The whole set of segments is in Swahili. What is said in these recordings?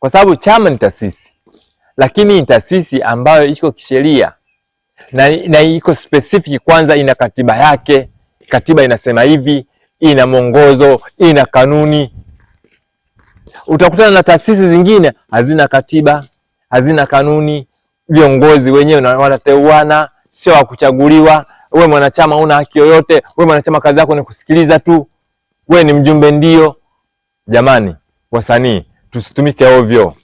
kwa sababu chama ni taasisi, lakini ni taasisi ambayo iko kisheria na, na iko specific. Kwanza ina katiba yake, katiba inasema hivi, ina mwongozo, ina kanuni. Utakutana na taasisi zingine hazina katiba, hazina kanuni, viongozi wenyewe wanateuana, sio wa kuchaguliwa. We mwanachama una haki yoyote, we mwanachama kazi yako ni kusikiliza tu, we ni mjumbe. Ndio jamani, wasanii tusitumike ovyo.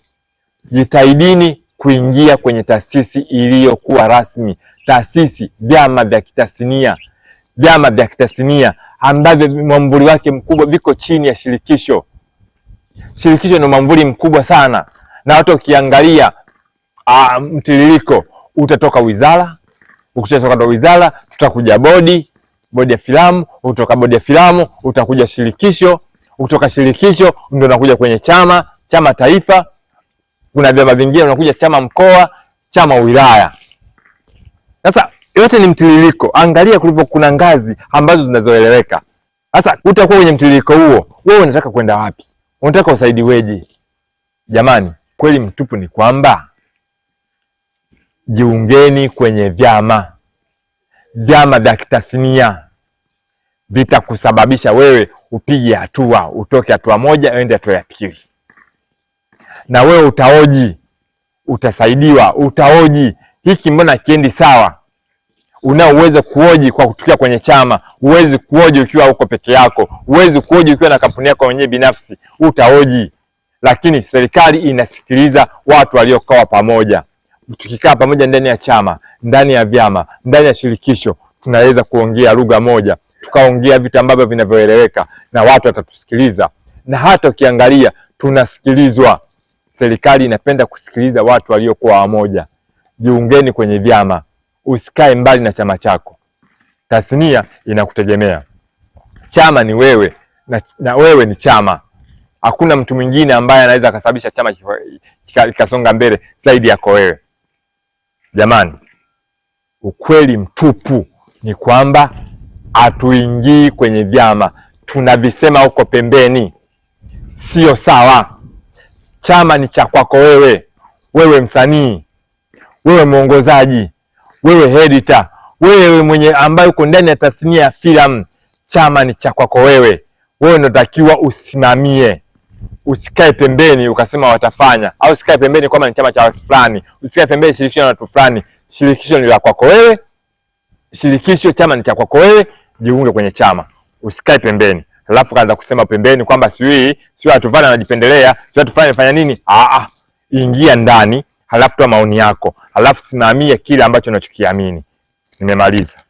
Jitahidini kuingia kwenye taasisi iliyokuwa rasmi, taasisi, vyama vya kitasinia, vyama vya kitasinia ambavyo mwamvuli wake mkubwa viko chini ya shirikisho. Shirikisho ni mwamvuli mkubwa sana, na hata ukiangalia mtiririko utatoka wizara, ukishatoka wizara tutakuja bodi, bodi ya filamu, utoka bodi ya filamu utakuja shirikisho, utoka shirikisho ndio unakuja kwenye chama chama taifa, kuna vyama vingine unakuja chama mkoa, chama wilaya. Sasa yote ni mtiririko, angalia kulivyo, kuna ngazi ambazo zinazoeleweka. Sasa utakuwa kwenye mtiririko huo, wewe unataka kwenda wapi? Unataka usaidiweje? Jamani, kweli mtupu ni kwamba jiungeni kwenye vyama, vyama vya kitasnia vitakusababisha wewe upige hatua, utoke hatua moja uende hatua ya pili na wewe utaoji, utasaidiwa, utaoji hiki mbona kiendi sawa. Unao uwezo kuoji kwa kutukia kwenye chama, uwezi kuoji ukiwa uko peke yako, uwezi kuoji ukiwa na kampuni yako mwenyewe binafsi, utaoji. Lakini serikali inasikiliza watu waliokaa pamoja. Tukikaa pamoja ndani ya chama, ndani ya vyama, ndani ya shirikisho, tunaweza kuongea lugha moja, tukaongea vitu ambavyo vinavyoeleweka na watu watatusikiliza. Na hata ukiangalia tunasikilizwa serikali inapenda kusikiliza watu waliokuwa wamoja. Jiungeni kwenye vyama, usikae mbali na chama chako. Tasnia inakutegemea, chama ni wewe na, na wewe ni chama. Hakuna mtu mwingine ambaye anaweza akasababisha chama kikasonga mbele zaidi yako wewe. Jamani, ukweli mtupu ni kwamba hatuingii kwenye vyama, tunavisema huko pembeni, sio sawa. Chama ni cha kwako wewe, wewe msanii, wewe mwongozaji, wewe editor, wewe mwenye ambaye uko ndani ya tasnia ya filamu. Chama ni cha kwako wewe, wewe unatakiwa usimamie, usikae pembeni ukasema watafanya, au usikae pembeni kwamba ni chama cha watu fulani, usikae pembeni shirikisho la watu fulani. Shirikisho ni la kwako wewe, shirikisho, chama ni cha kwako wewe, jiunge kwenye chama, usikae pembeni. Alafu kaanza kusema pembeni kwamba sijui sio watu fulani anajipendelea, sio watu fulani anafanya nini. Aa, ingia ndani, halafu toa maoni yako, halafu simamia kile ambacho unachokiamini. Nimemaliza.